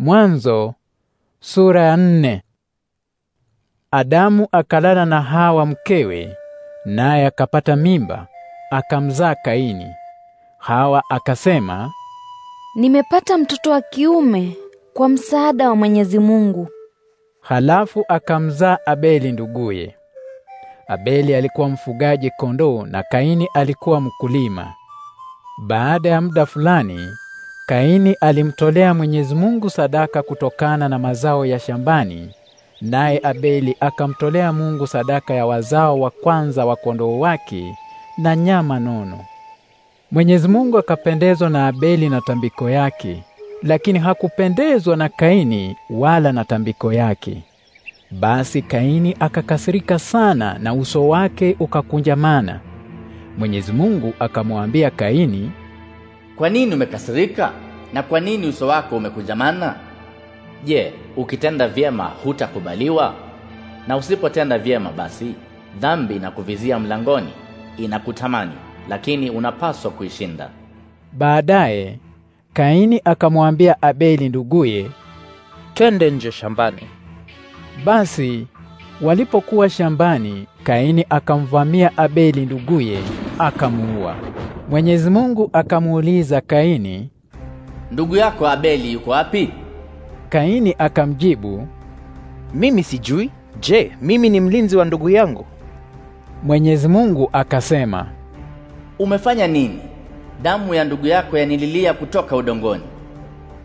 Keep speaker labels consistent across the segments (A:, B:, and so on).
A: Mwanzo sura ya nne. Adamu akalala na Hawa mkewe, naye akapata mimba, akamzaa Kaini. Hawa akasema, nimepata mtoto wa kiume kwa msaada wa Mwenyezi Mungu. Halafu akamzaa Abeli nduguye. Abeli alikuwa mfugaji kondoo na Kaini alikuwa mkulima. Baada ya muda fulani Kaini alimtolea Mwenyezi Mungu sadaka kutokana na mazao ya shambani, naye Abeli akamtolea Mungu sadaka ya wazao wa kwanza wa kondoo wake na nyama nono. Mwenyezi Mungu akapendezwa na Abeli na tambiko yake, lakini hakupendezwa na Kaini wala na tambiko yake. Basi Kaini akakasirika sana na uso wake ukakunjamana. Mwenyezi Mungu
B: akamwambia Kaini, "Kwa nini umekasirika?" na kwa nini uso wako umekunjamana? Je, ukitenda vyema hutakubaliwa? Na usipotenda vyema, basi dhambi inakuvizia mlangoni, inakutamani, lakini unapaswa kuishinda.
A: Baadaye Kaini akamwambia Abeli nduguye, twende nje shambani. Basi walipokuwa shambani, Kaini akamvamia Abeli nduguye akamuua. Mwenyezi Mungu akamuuliza Kaini,
B: ndugu yako Abeli yuko wapi?
A: Kaini akamjibu, mimi sijui. Je, mimi ni
B: mlinzi wa ndugu yangu? Mwenyezi Mungu akasema, umefanya nini? Damu ya ndugu yako yanililia kutoka udongoni.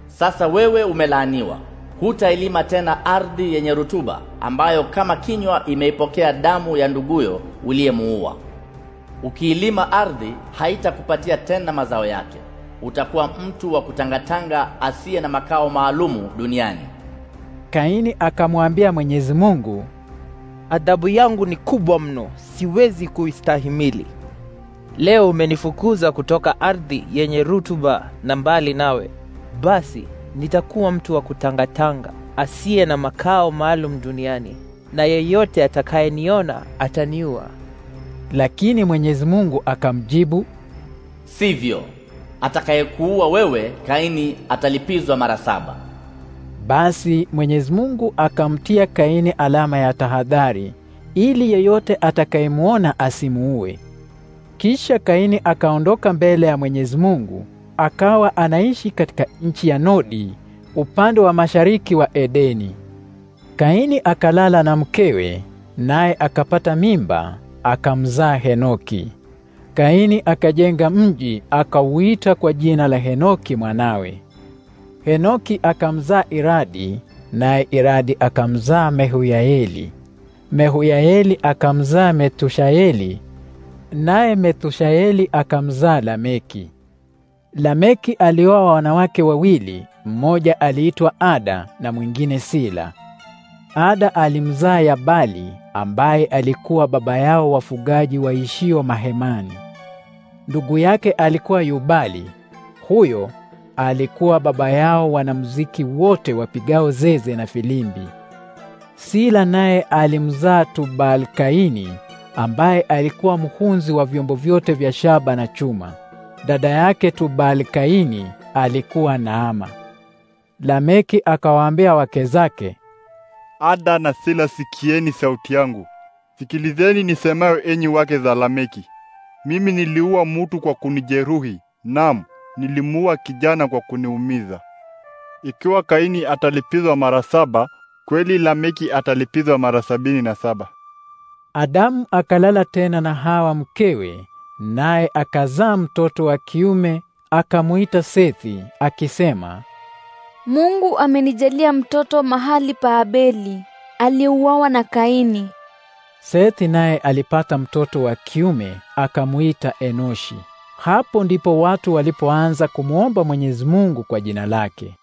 B: Sasa wewe umelaaniwa, hutailima tena ardhi yenye rutuba, ambayo kama kinywa imeipokea damu ya nduguyo uliyemuua. Ukiilima ardhi haitakupatia tena mazao yake utakuwa mtu wa kutangatanga asiye na makao maalumu duniani.
A: Kaini akamwambia Mwenyezi Mungu, adhabu yangu ni kubwa mno, siwezi kuistahimili. Leo umenifukuza kutoka ardhi yenye rutuba na mbali nawe, basi nitakuwa mtu wa kutangatanga asiye na makao maalum duniani, na yeyote atakayeniona ataniua. Lakini Mwenyezi Mungu akamjibu,
B: sivyo atakayekuua wewe Kaini atalipizwa mara saba.
A: Basi Mwenyezi Mungu akamtia Kaini alama ya tahadhari ili yeyote atakayemuona asimuue. Kisha Kaini akaondoka mbele ya Mwenyezi Mungu, akawa anaishi katika nchi ya Nodi upande wa mashariki wa Edeni. Kaini akalala na mkewe, naye akapata mimba, akamzaa Henoki. Kaini akajenga mji akauita kwa jina la Henoki mwanawe. Henoki akamzaa Iradi, naye Iradi akamzaa Mehuyaeli. Mehuyaeli akamzaa Metushaeli, naye Metushaeli akamzaa Lameki. Lameki alioa wanawake wawili, mmoja aliitwa Ada na mwingine Sila. Ada alimzaa Yabali ambaye alikuwa baba yao wafugaji waishio mahemani. Ndugu yake alikuwa Yubali. Huyo alikuwa baba yao wanamuziki wote wapigao zeze na filimbi. Sila naye alimzaa Tubalkaini ambaye alikuwa mhunzi wa vyombo vyote vya shaba na chuma. Dada yake Tubalkaini alikuwa Naama. Lameki akawaambia wake zake,
B: Ada na Sila, sikieni sauti yangu, sikilizeni nisemayo, enyi wake za Lameki. Mimi niliua mutu kwa kunijeruhi, naam, nilimuua kijana kwa kuniumiza. Ikiwa Kaini atalipizwa mara saba, kweli Lameki atalipizwa mara sabini na saba.
A: Adamu akalala tena na Hawa mkewe, naye akazaa mtoto wa kiume akamuita Sethi akisema, Mungu amenijalia mtoto mahali pa Abeli aliyeuawa na Kaini. Sethi naye alipata mtoto wa kiume akamuita Enoshi. Hapo ndipo watu walipoanza kumuomba Mwenyezi Mungu kwa jina lake.